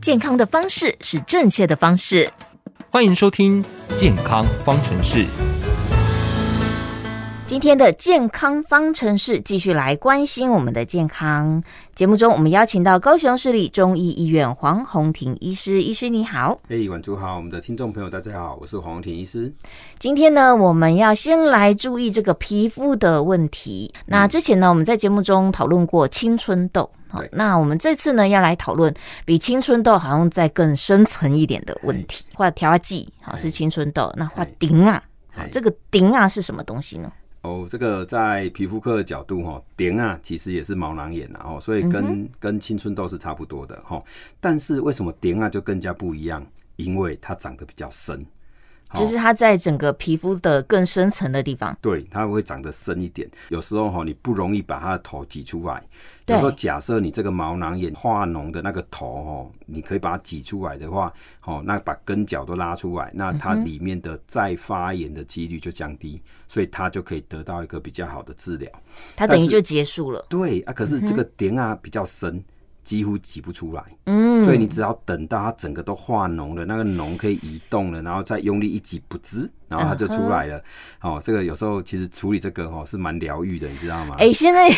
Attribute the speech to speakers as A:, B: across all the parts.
A: 健康的方式是正確的方式。歡迎收聽《健
B: 康方程式》。
A: 今天的《健康方程式》繼續來關心我們的健康。節目中，我們邀請到高雄市立中醫醫院黃宏庭
B: 醫師。醫師你好，嘿，晚安，好，我們的聽眾朋友大家好，我是黃宏
A: 庭醫師。今天呢，我們要先來注意這個皮膚的問題。那之前呢，我們在節目中討論過青春痘。好，那我們這次呢，要來討論比青春痘好像再更深層一點的問題。畫條啊記，好、喔、是青春痘，那畫疔仔，這個疔仔是什麼東西呢？
B: 哦，這個在皮膚科的角度哈，疔仔其實也是毛囊炎哦，所以跟跟青春痘是差不多的哈、嗯。但是為什麼疔仔就更加不一樣？因為它長得比較深。就是它在整個皮膚的更深層的地方，哦、對它會長得深一點。有時候哈、哦，你不容易把它的頭擠出來。比如說假設你這個毛囊炎化膿的那個頭哦，你可以把它擠出來的話，哦，那把根腳都拉出來，那它裡面的再發炎的幾率就降低、嗯，所以它就可以得到一個比較好的治療。
A: 它等於就
B: 結束了。對啊，可是這個點啊比較深。嗯幾乎擠不出來，嗯，所以你只要等到它整個都化膿了，那個膿可以移動了，然後再用力一擠，不知然後它就出來了、嗯。哦，這個有時候其實處理這個哦是蠻療癒的，你知道嗎？哎、
A: 欸，現在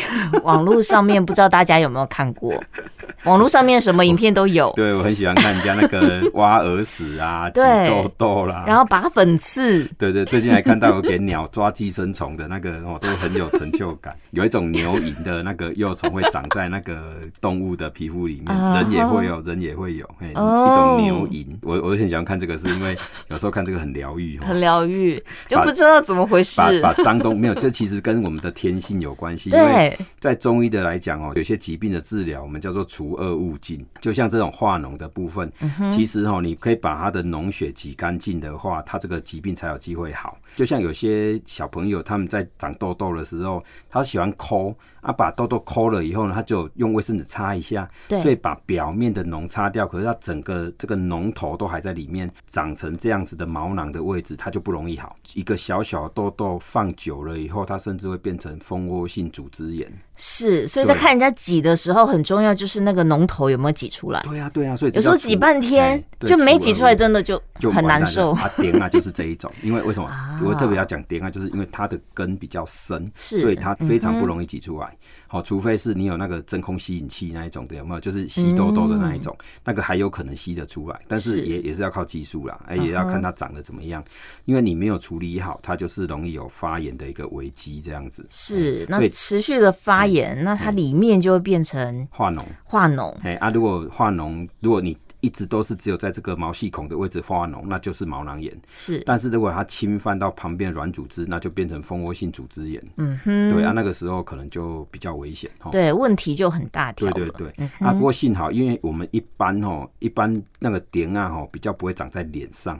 A: 網絡上面不知道大家有沒有看過， 網絡上面什麼影片
B: 都有。對，我很喜歡看人家那個挖耳屎啊、擠痘痘啦，
A: 然後拔粉刺。
B: 對，對對，最近還看到有給鳥抓寄生蟲的那個哦，都很有成就感。 有一種牛蠅的那個幼蟲會長在那個動物的。皮膚裡面人也會有、Uh-huh. 人也會有哎一種牛飲，我我很喜歡看這個是，是因為有時候看這個很療癒，
A: 很療癒就不知道怎麼回事。把把髒東西沒有，這其
B: 實跟我們的天性有關係。 對，因為在中醫的來講哦，有些疾病的治療我們叫做除惡務盡，就像這種化膿的部分，其實哦你可以把它的膿血擠乾淨的話，它這個疾病才有機會好。就像有些小朋友他們在長痘痘的時候，他喜歡摳啊，把痘痘摳了以後呢，他就用衛生紙擦一下。對，所以把表面的膿擦掉，可是它整個這個膿頭都還在裡面，長成這樣子的毛囊的位置，它就不容易好。一個小小的痘痘放久了以後，它甚至會變成蜂窩性組織炎。
A: 是，所以在看人家擠的時候很重要，就是那個膿頭有沒有擠出來。對呀、啊，對
B: 呀、啊，所以有時候擠半
A: 天、欸、就沒擠出來，真的就很難受。 啊，
B: 疔仔就是這一種，因為為什麼我特別要講疔仔？啊就是因為它的根比較深，是所以它非常不容易擠出來。好、嗯哦，除非是你有那個真空吸引器那一種的，有沒有？就是吸痘痘的那一種、嗯，那個還有可能吸得出來，但是也是也是要靠技術啦，哎、欸，也要看它長得怎麼樣、嗯。因為你沒有處理好，它就是容易有發炎的一個危機，這樣子是、欸，那持
A: 續的發炎。眼，那它裡面就會變成化膿、嗯。化膿，
B: 哎啊！如果化膿，如果你一直都是只有在這個毛細孔的位置化膿，那就是毛囊炎。是，但是如果它侵犯到旁邊軟組織，那就變成蜂窩性組織炎。嗯哼，對啊，那個時候可能就比較危險。對，
A: 問題就很大。對對對、嗯，啊，不過
B: 幸好，因為我們一般吼，一般那個疔啊吼，比較不會長在臉上，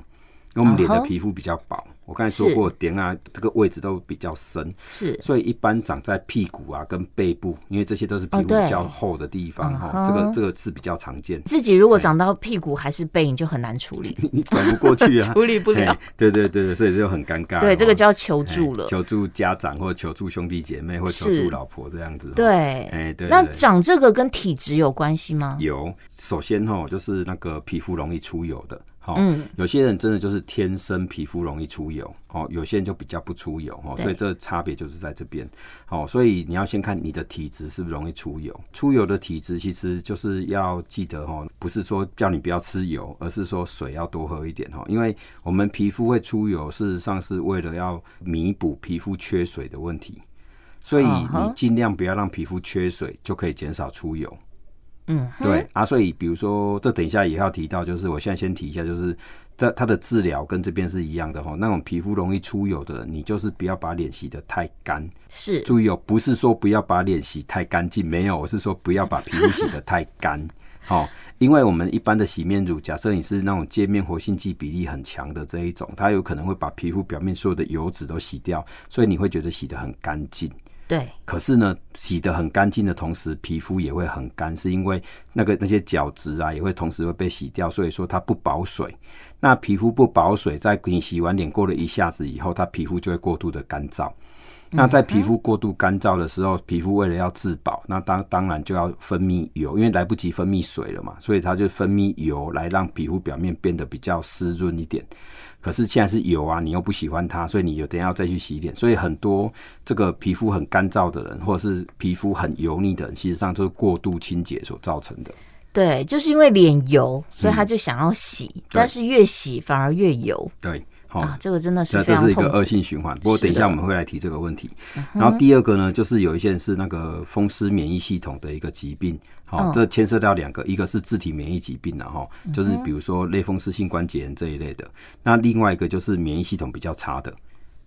B: 因為我們臉的皮膚比較薄。Uh -huh 我剛才說過，點啊，這個位置都比較深，是，所以一般長在屁股啊跟背部，因為這些都是皮膚比較厚的地方哈、哦哦，這個這個是比較常見。自己
A: 如果長到屁股還是背，嗯、你就很難處理，
B: 你轉不過去啊， 處理不了、欸。對對對對，所以就很尷尬。對，這個就要求助了、欸，求助家長或求助兄弟姐妹或求助老婆這樣子。對，哎、欸、對，對，對，那長
A: 這個跟體質有關係嗎？
B: 有，首先哈、哦，就是那個皮膚容易出油的。好、哦嗯，有些人真的就是天生皮膚容易出油，哦，有些人就比較不出油，哦，所以這個差別就是在這邊，好、哦，所以你要先看你的體質是不是容易出油，出油的體質其實就是要記得，哦，不是說叫你不要吃油，而是說水要多喝一點，哦，因為我們皮膚會出油，事實上是為了要彌補皮膚缺水的問題，所以你儘量不要讓皮膚缺水，Uh-huh. 就可以減少出油。嗯，對啊，所以比如說，這等一下也要提到，就是我現在先提一下，就是這它，它的治療跟這邊是一樣的吼。那種皮膚容易出油的，你就是不要把臉洗得太乾。是，注意哦，不是說不要把臉洗太乾淨，沒有，我是說不要把皮膚洗得太乾吼。 因為我們一般的洗面乳，假設你是那種界面活性劑比例很強的這一種，它有可能會把皮膚表面所有的油脂都洗掉，所以你會覺得洗得很乾淨。對，可是呢，洗得很乾淨的同時，皮膚也會很乾，是因為那個那些角質啊，也會同時會被洗掉，所以說它不保水。那皮膚不保水，在你洗完臉過了一下子以後，它皮膚就會過度的乾燥。那在皮膚過度乾燥的時候，皮膚為了要自保，那當當然就要分泌油，因為來不及分泌水了嘛，所以它就分泌油來讓皮膚表面變得比較濕潤一點。可是現在是油啊，你又不喜歡它，所以你有等下要再去洗臉。所以很多這個皮膚很乾燥的人，或者是皮膚很油膩的人，其實上就是過度清潔所造成的。
A: 對，就是因為臉油，所以他就想要洗，嗯，但是越洗反而越油。
B: 對。哦、
A: 啊，這個真的是，那這是一個惡性
B: 循環。不過等一下我們會來提這個問題。然後第二個呢，就是有一些人是那個風濕免疫系統的一個疾病。好、哦哦，這牽涉到兩個，一個是自體免疫疾病，然、哦、後就是比如說類風濕性關節炎這一類的。那另外一個就是免疫系統比較差的。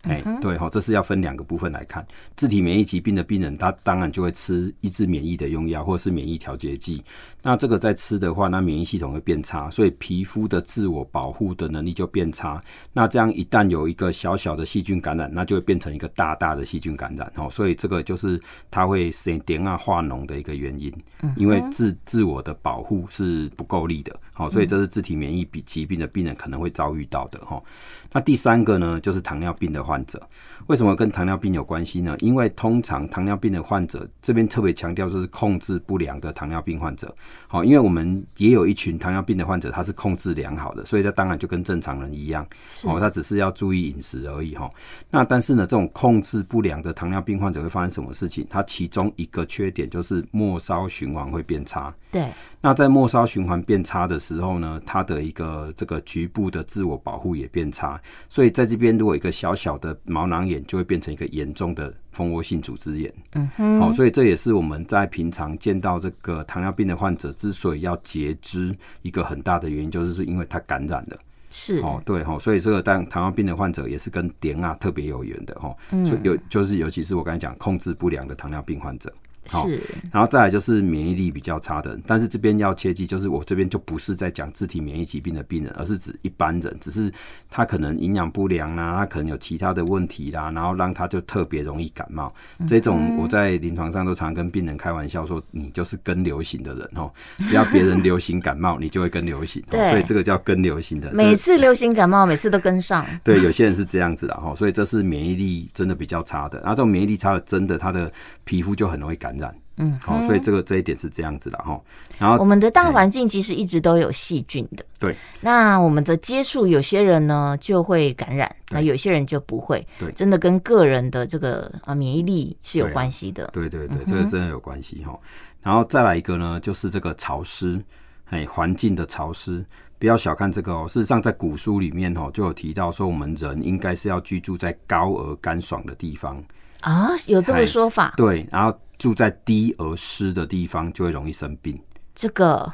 B: 哎，對哈，這是要分兩個部分來看。自體免疫疾病的病人，他當然就會吃抑制免疫的用藥，或是免疫調節劑。那這個在吃的話，那免疫系統會變差，所以皮膚的自我保護的能力就變差。那這樣一旦有一個小小的細菌感染，那就會變成一個大大的細菌感染哦。所以這個就是它會生疔啊化膿的一個原因，因為自自我的保護是不夠力的。哦，所以這是自體免疫疾病的病人可能會遭遇到的哦。那第三個呢，就是糖尿病的話。患者為什麼跟糖尿病有關係呢？因為通常糖尿病的患者這邊特別強調，就是控制不良的糖尿病患者。好，因為我們也有一群糖尿病的患者，他是控制良好的，所以他當然就跟正常人一樣。哦，他只是要注意飲食而已。哈，那但是呢，這種控制不良的糖尿病患者會發生什麼事情？他其中一個缺點就是末梢循環會變差。對。那在末梢循環變差的時候呢，他的一個這個局部的自我保護也變差。所以在這邊，如果一個小小的的毛囊炎就會變成一個嚴重的蜂窩性組織炎。嗯哼，好、哦，所以這也是我們在平常見到這個糖尿病的患者之所以要截肢一個很大的原因，就是是因為他感染了。是，哦，對，哦，所以這個但糖尿病的患者也是跟疔啊特別有緣的，哈、哦，所以有就是尤其是我剛才講控制不良的糖尿病患者。是，然後再來就是免疫力比較差的人，但是這邊要切記，就是我這邊就不是在講自體免疫疾病的病人，而是指一般人，只是他可能營養不良啊，他可能有其他的問題啦、啊，然後讓他就特別容易感冒。這種我在臨床上都常跟病人開玩笑說，你就是跟流行的人哦，只要別人流行感冒，你就會跟流行， 所以這個叫跟流行的。每
A: 次流行感冒，每次都跟上。 對，
B: 有些人是這樣子的哈，所以這是免疫力真的比較差的。那這種免疫力差的，真的他的皮膚就很容易感。
A: 染。嗯好、哦，所以這
B: 個這一點是這樣子的哈。然後我
A: 們的大環境其實一直都有細菌的。對。那我們的接觸，有些人呢就會感染，那有些人就不會。對，真的跟個人的這個啊免疫力是有關係的對。對對對，這個真的
B: 有關係哈、嗯。然後再來一個呢，就是這個潮濕，哎，環境的潮濕，不要小看這個哦。事實上，在古書裡面哦，就有提到說，我們人應該是要居住在高而乾爽的地方
A: 啊，有這個說法。
B: 對，然後。住在低而濕的地方，就會容易生病。
A: 這個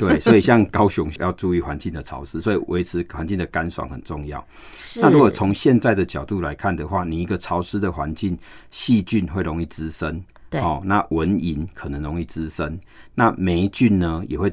A: 對，所以
B: 像高雄要注意環境的潮濕，所以維持環境的乾爽很重要。是。那如果從現在的角度來看的話，你一個潮濕的環境，細菌會容易滋生。對，哦，那蚊蠅可能容易滋生，那霉菌呢也會。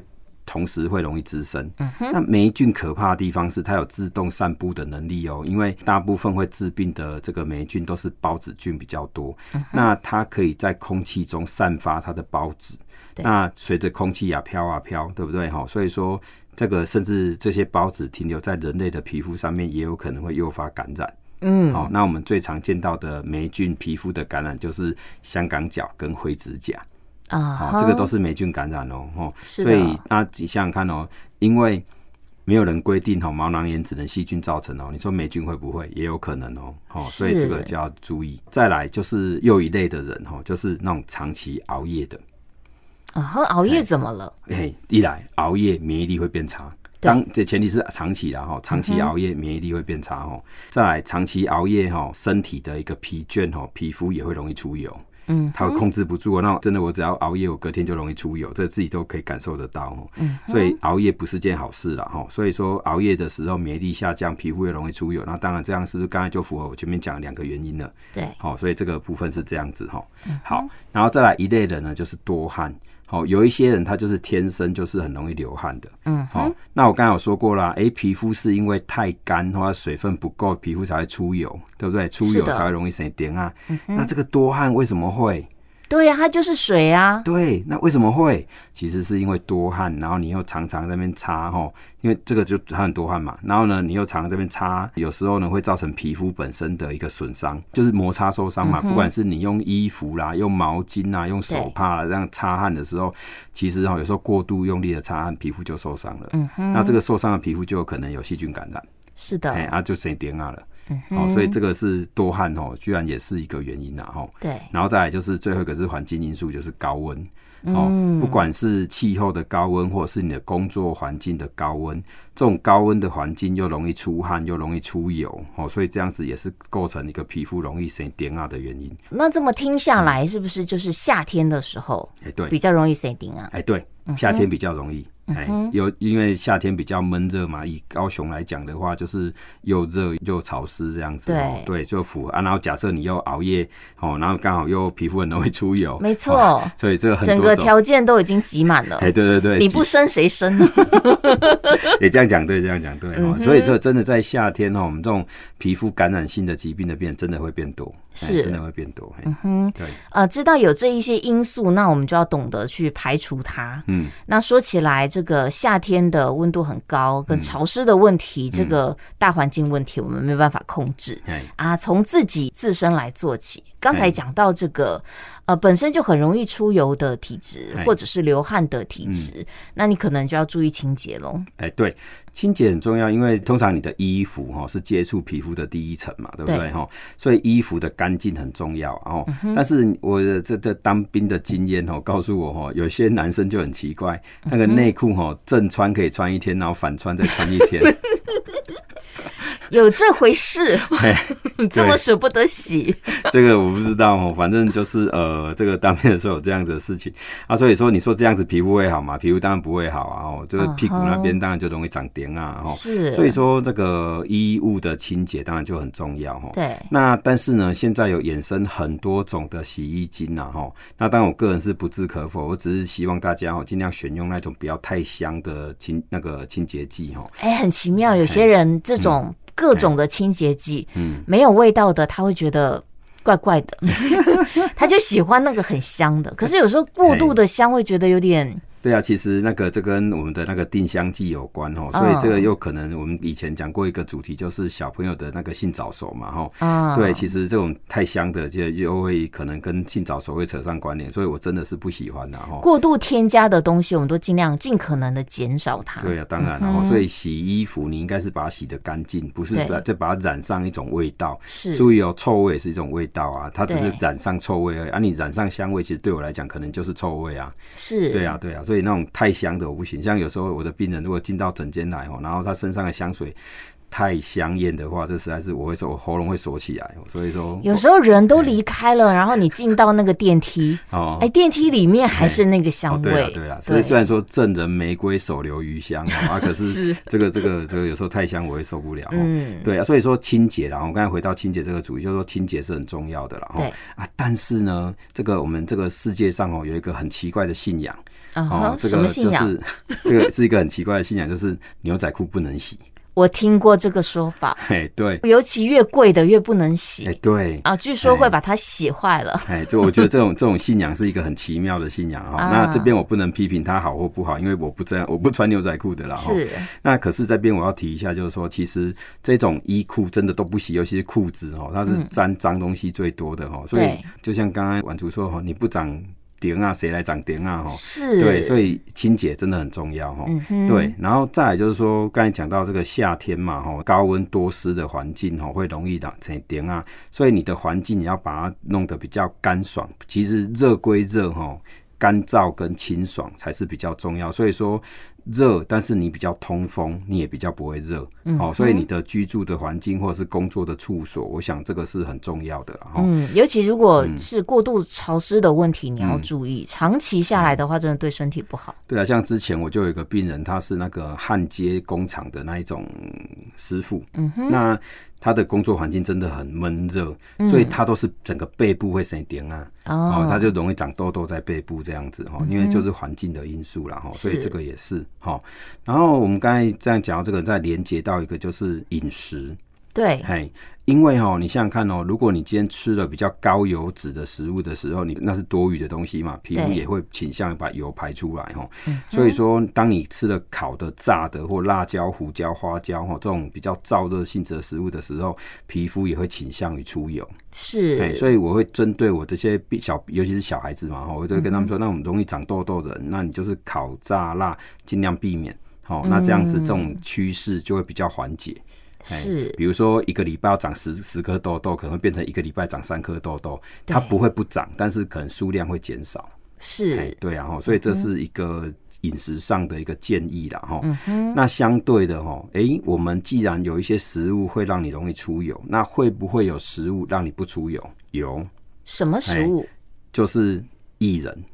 B: 同時會容易滋生，嗯。那黴菌可怕的地方是它，有自動散布的能力哦，因為大部分會致病的這個黴菌都是孢子菌比較多。嗯，那它可以在空氣中散發它的孢子。對。那隨着空氣啊飄啊飄，對不對？哈，哦，所以說這個甚至這些孢子停留在人類的皮膚上面，也有可能會誘發感染。嗯。好，哦，那我們最常見到的黴菌皮膚的感染就是香港腳跟灰指甲。啊、uh -huh. 哦，這個都是黴菌感染哦，吼、哦，所以那想想看哦，因為沒有人規定哦，毛囊炎只能細菌造成哦，你說黴菌會不會也有可能哦，哦，所以這個就要注意。再來就是又一類的人哦，就是那種長期熬夜的。
A: 啊、uh -huh，熬夜怎麼了？哎、hey,
B: hey, 一來熬夜免疫力會變差，當這前提是長期啦，長期熬夜免疫力會變差哦、嗯。再來，長期熬夜哈，身體的一個疲倦哦，皮膚也會容易出油。嗯，他控制不住、嗯，那我真的我只要熬夜，我隔天就容易出油，這自己都可以感受得到，嗯，所以熬夜不是件好事啦哈。所以說熬夜的時候，免疫力下降，皮膚也容易出油。那當然這樣是不是剛才就符合我前面講的兩個原因了？對，好，所以這個部分是這樣子哈、嗯。好，然後再來一類人呢，就是多汗。哦，有一些人他就是天生就是很容易流汗的。嗯，好、哦，那我剛才有說過啦，誒，皮膚是因為太乾或者水分不夠，皮膚才會出油，對不對？出油才會容易生疔啊。那這個多汗為什麼會？
A: 對呀、啊，它就是水啊。
B: 對，那為什麼會？其實是因為多汗，然後你又常常在那邊擦吼，因為這個就它很多汗嘛。然後呢，你又常常這邊擦，有時候呢會造成皮膚本身的一個損傷，就是摩擦受傷嘛、嗯。不管是你用衣服啦、用毛巾啊、用手帕啦這樣擦汗的時候，其實吼、喔、有時候過度用力的擦汗，皮膚就受傷了。嗯哼。那這個受傷的皮膚就有可能有細菌感染。是的。哎，啊就生疔仔了。哦，所以這個是多汗哦，居然也是一個原因吶、啊，吼、哦。對，然後再來就是最後一個，是環境因素，就是高溫哦、嗯，不管是氣候的高溫，或者是你的工作環境的高溫。這種高溫的環境又容易出汗，又容易出油，哦，所以這樣子也是構成一個皮膚容易生疔仔的原因。
A: 那這麼聽下來，是不是就是夏天的時候？哎，對，比較容易生疔仔。哎、嗯，
B: 欸對，嗯欸、對，夏天比較容易。哎、嗯，有、欸、因為夏天比較悶熱嘛、嗯，以高雄來講的話，就是又熱又潮濕這樣子。對，對，就符合。啊、然後假設你又熬夜，哦，然後剛好又皮膚很容易出油，
A: 沒錯。
B: 所以這個整個條
A: 件都已經擠滿了。哎、欸，
B: 對對對，你不
A: 生誰生呢？
B: 哎， 講對，這樣講對，嗯，所以說真的在夏天哦，我們這種皮膚感染性的疾病的變真的會變多。是，真
A: 的會變多。嗯哼，對，呃，知道有這一些因素，那我們就要懂得去排除它。嗯，那說起來，這個夏天的溫度很高，跟潮濕的問題，嗯、這個大環境問題，我們沒辦法控制。對、嗯嗯、啊，從自己自身來做起。剛才講到這個、嗯，呃，本身就很容易出油的體質、嗯，或者是流汗的體質、嗯，那你可能就要注意清潔嘍。哎、
B: 欸，對。清潔很重要，因為通常你的衣服哈是接觸皮膚的第一層嘛，對不對哈？所以衣服的乾淨很重要哦。但是我的這這當兵的經驗哦，告訴我哦，有些男生就很奇怪，那個內褲哈正穿可以穿一天，然後反穿再穿一天。
A: 有這回事， 對 這麼捨不得洗？ 這
B: 個我不知道哦，反正就是呃，這個當面的時候有這樣子的事情啊，所以說你說這樣子皮膚會好嗎？皮膚當然不會好啊，哦，這個屁股那邊當然就容易長疔啊，哦、uh -huh.，是，所以說這個衣物的清潔當然就很重要哈。對，那但是呢，現在有衍生很多種的洗衣精吶、啊，哈，那當然我個人是不置可否，我只是希望大家哦儘量選用那種不要太香的清那個清潔劑哈。哎、
A: 欸，很奇妙、嗯，有些人這種。各種的清潔劑、嗯，沒有味道的，他會覺得怪怪的， 他就喜歡那個很
B: 香的。可是有時候
A: 過度的香，會覺得有點。
B: 對啊，其實那個這跟我們的那個定香劑有關哦，所以這個又可能我們以前講過一個主題，就是小朋友的那個性早熟嘛，吼。啊。對，其實這種太香的，就又會可能跟性早熟會扯上關聯，所以我真的是不喜歡的、啊，過
A: 度添加的東西，我們都盡量盡可能的減少
B: 它。嗯、對啊，當然，然後所以洗衣服，你應該是把它洗得乾淨，不是再把它染上一種味道。是。注意哦、喔，臭味是一種味道啊，它只是染上臭味而已。啊，你染上香味，其實對我來講，可能就是臭味啊。
A: 是。對啊，
B: 對啊。是。對，那種太香的我不行，像有時候我的病人如果進到診間來，然後他身上的香水。太香豔的話，這實在是我會說，我喉嚨會鎖起來。所以說，哦、有時候
A: 人都離開了、嗯，然後你進到那個電梯哦，哎、欸，電梯裡面還是那個香味。對、嗯、了、哦，對，對，對所以雖
B: 然說贈人玫瑰手留餘香、哦、啊，可是這個 是這個、這個、這個有時候太香我會受不了。哦、嗯，對啊，所以說清潔了，我剛才回到清潔這個主意，就說清潔是很重要的了、哦。對啊，但是呢，這個我們這個世界上哦，有一個很奇怪的信仰啊、哦哦哦，這個就是什麼信仰？這個是一個很奇怪的信仰，就是牛仔褲不能洗。
A: 我聽過這個說
B: 法，嘿，對，
A: 尤其越貴的越不能洗，
B: 對啊，據
A: 說會把它洗壞了，
B: 哎，嘿，就我覺得這種 這種信仰是一個很奇妙的信仰，啊，那這邊我不能批評它好或不好，因為我不這樣，我不穿牛仔褲的啦，是。那可是這邊我要提一下，就是說，其實這種衣褲真的都不洗，尤其是褲子，它是沾髒東西最多的，嗯，所以就像剛剛婉竹說，你不髒。疔仔，誰來長疔仔？吼，是，對，所以清潔真的很重要，吼、嗯，對，然後再來就是說，剛才講到這個夏天嘛，吼，高溫多濕的環境，吼，會容易長成疔仔，所以你的環境你要把它弄得比較乾爽，其實熱歸熱，吼，乾燥跟清爽才是比較重要，所以說。熱，但是你比較通風，你也比較不會熱、嗯哦，所以你的居住的環境或是工作的處所，我想這個是很重要的、哦、
A: 嗯，尤其如果是過度潮濕的問題、嗯，你要注意，長期下來的話，真的對身體不好、嗯。
B: 對啊，像之前我就有一個病人，他是那個焊接工廠的那一種師傅，嗯哼，那。他的工作環境真的很悶熱、嗯，所以他都是整個背部會生疔啊哦，哦，他就容易長痘痘在背部這樣子哈、嗯，因為就是環境的因素了哈、嗯，所以這個也是哈。然後我們剛才這樣講到這個，再連接到一個就是飲食，
A: 對，嘿。
B: 因為哈，你想想看哦、喔，如果你今天吃了比較高油脂的食物的時候，你那是多餘的東西嘛，皮膚也會傾向於把油排出來哈。所以說，當你吃了烤的、炸的或辣椒、胡椒、花椒哈，這種比較燥熱性質的食物的時候，皮膚也會傾向於出油。
A: 是。所以
B: 我會針對我這些小，尤其是小孩子嘛哈，我就會跟他們說，嗯嗯，那種容易長痘痘的，那你就是烤、炸、辣，盡量避免。好，那這樣子，這種趨勢就會比較緩解。嗯。Hey，是，比如說一個禮拜要長十十顆痘痘，可能會變成一個禮拜長三顆痘痘，它不會不長，但是可能數量會減少。是，hey，對啊，所以這是一個飲食上的一個建議啦。嗯、那相對的，哈、欸，我們既然有一些食物會讓你容易出油，那會不會有食物讓你不出油？有，
A: 什麼食物？Hey，
B: 就是薏仁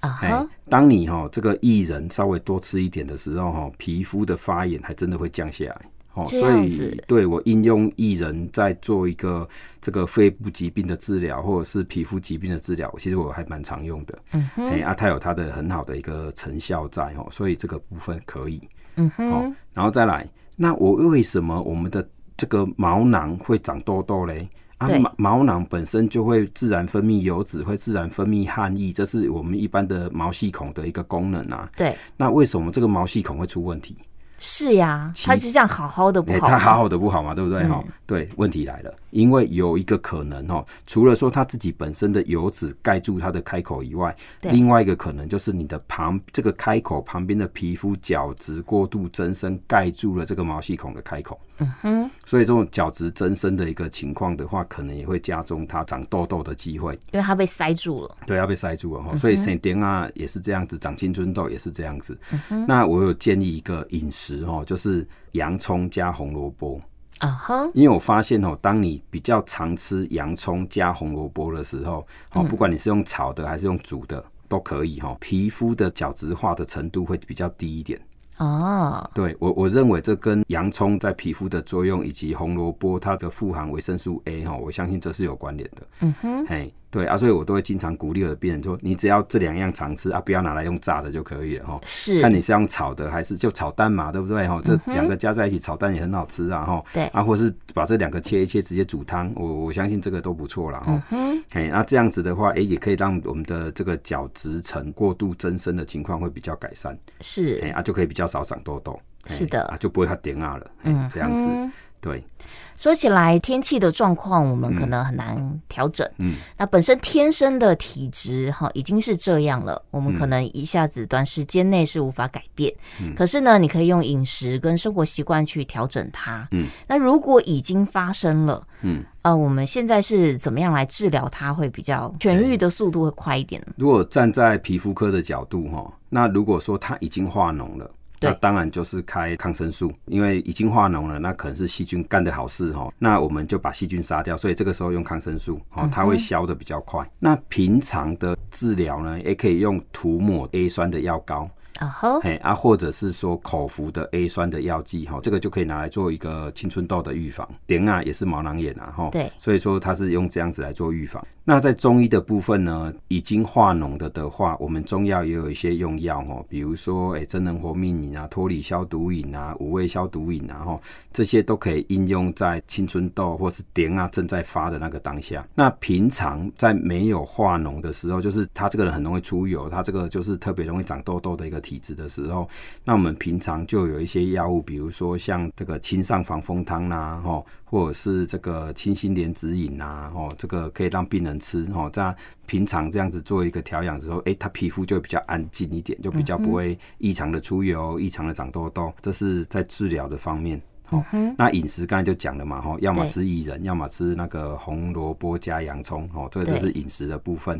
B: 啊。Uh -huh. hey，當你哈這個薏仁稍微多吃一點的時候，哈，皮膚的發炎還真的會降下來。哦，所以對，我應用薏仁在做一個這個肺部疾病的治療或者是皮膚疾病的治療，其實我還蠻常用的，嗯哼。嗯，哎，啊，它有它的很好的一個成效在哦、喔，所以這個部分可以。嗯哼，喔，然後再來，那我為什麼我們的這個毛囊會長痘痘嘞？啊，毛毛囊本身就會自然分泌油脂，會自然分泌汗液，這是我們一般的毛細孔的一個功能啊。對，那為什麼這個毛細孔會出問題？
A: 是呀，他就這樣好好的不好、欸？他好好
B: 的不好嘛，對不對？對，問題來了，因為有一個可能哦，除了說他自己本身的油脂蓋住它的開口以外，另外一個可能就是你的旁這個開口旁邊的皮膚角質過度增生蓋住了這個毛細孔的開口。嗯哼，所以這種角質增生的一個情況的話，可能也會加重它長痘痘的機會，
A: 因為它被塞住了。
B: 對，它被塞住了哈、嗯，所以生疔仔也是這樣子，長青春痘也是這樣子、嗯哼。那我有建議一個飲食哦，就是洋蔥加紅蘿蔔啊哼，因為我發現哦，當你比較常吃洋蔥加紅蘿蔔的時候，哦，不管你是用炒的還是用煮的都可以哈，皮膚的角質化的程度會比較低一點。哦、oh，對我我認為這跟洋蔥在皮膚的作用，以及紅蘿蔔它的富含維生素 A 哈，我相信這是有關聯的。嗯哼，嘿。對啊，所以我都會經常鼓勵我的病人說：“你只要這兩樣常吃啊，不要拿來用炸的就可以了哈。是，看你是用炒的還是就炒蛋嘛，對不對？哈，這兩個加在一起炒蛋也很好吃啊，哈。對，啊，或是把這兩個切一切直接煮湯，我我相信這個都不錯啦哈、嗯。那、啊、這樣子的話、欸，也可以讓我們的這個角質層過度增生的情況會比較改善。是，啊，就可以比較少長痘痘。是的，啊，就不會它點啊了。嗯，這樣子、嗯。對，
A: 說起來天氣的狀況，我們可能很難
B: 調整。嗯，
A: 那本身天生的體質哈，已經是這樣了。嗯，我們可能一下子短時間內是無法改變。嗯，可是呢，你可以用飲食跟生活習慣去調整它。嗯，那如果已經發生
B: 了，嗯，
A: 呃，我們現在是怎麼樣來治療它，會比較痊癒的速度會快一點？嗯，
B: 如果站在皮膚科的角度哈，那如果說它已經化膿了。那當然就是開抗生素，因為已經化膿了，那可能是細菌幹的好事哈。那我們就把細菌殺掉，所以這個時候用抗生素，哦，它會消得比較快。那平常的治療呢，也可以用塗抹 A 酸的藥膏。啊哈，嘿，啊，或者是說口服的 A 酸的藥劑哈，這個就可以拿來做一個青春痘的預防。疔仔啊也是毛囊炎啊，哈，對，所以說它是用這樣子來做預防。那在中醫的部分呢，已經化膿的的話，我們中藥也有一些用藥哦，比如說誒、欸，真人活命飲啊，托裡消毒飲啊，五味消毒飲啊，哈，這些都可以應用在青春痘或是疔仔啊正在發的那個當下。那平常在沒有化膿的時候，就是他這個人很容易出油，他這個就是特別容易長痘痘的一個體質的時候，那我們平常就有一些藥物，比如說像這個清上防風湯吶、啊，吼，或者是這個清心蓮子飲吶、啊，吼，這個可以讓病人吃，吼，這樣平常這樣子做一個調養之後，哎、欸，他皮膚就會比較安靜一點，就比較不會異常的出油、嗯哼、異常的長痘痘。這是在治療的方面，吼。那飲食剛才就講了嘛，吼，要麼吃薏仁，要麼吃那個紅蘿蔔加洋蔥，吼，這個就是飲食的部分。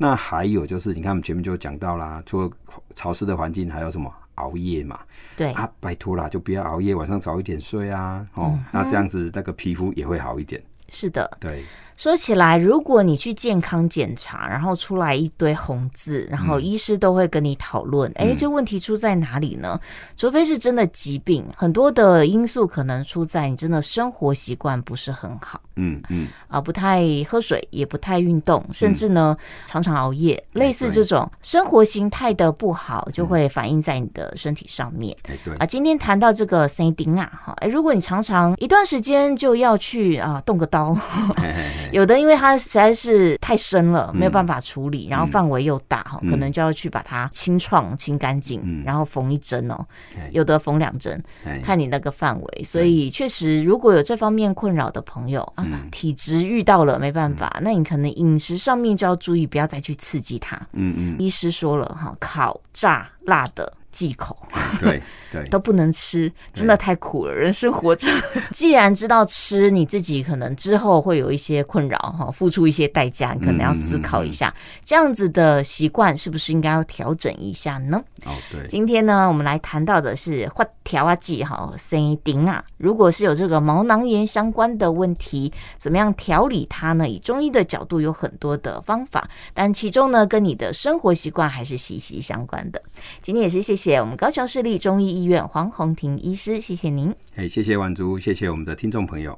B: 那還有就是，你看我們前面就講到啦，除了潮濕的環境，還有什麼熬夜嘛？對啊，拜托啦，就不要熬夜，晚上早一點睡啊。哦、嗯，那這樣子那個皮膚也會好一點。是的，對。
A: 說起來，如果你去健康檢查，然後出來一堆紅字，然後醫師都會跟你討論，哎、嗯，這問題出在哪裡呢、嗯？除非是真的疾病，很多的因素可能出在你真的生活習慣不是很好，嗯嗯，啊，不太喝水，也不太運動，甚至呢，嗯、常常熬夜，類似這種生活形態的不好，哎、就會反映在你的身體上面、哎對。啊，今天談到這個生疔啊，哈，哎，如果你常常一段時間就要去啊動個刀。哎 有的因為它實在是太深了，沒有辦法處理，嗯、然後範圍又大哈、嗯，可能就要去把它清創清乾淨，嗯、然後縫一針哦，哎、有的縫兩針、哎，看你那個範圍。所以確實，如果有這方面困擾的朋友啊、嗯，體質遇到了沒辦法、嗯，那你可能飲食上面就要注意，不要再去刺激它。嗯嗯，醫師說了哈，烤、炸、辣的忌口。對對，都不能吃，真的太苦了。人生活着， 既然知道吃，你自己可能之後會有一些困擾哈，付出一些代價，你可能要思考一下、嗯，這樣子的習慣是不是應該要調整一下呢？哦，對。今天呢，我們來談到的是畫條啊記哈，生疔仔啊。如果是有這個毛囊炎相關的問題，怎麼樣調理它呢？以中醫的角度有很多的方法，但其中呢，跟你的生活習慣還是息息相關的。今天也是謝謝我們高。高雄市立中醫醫院黃宏庭醫師，謝謝您。
B: 哎、hey，謝謝萬竹，謝謝我們的聽眾朋友。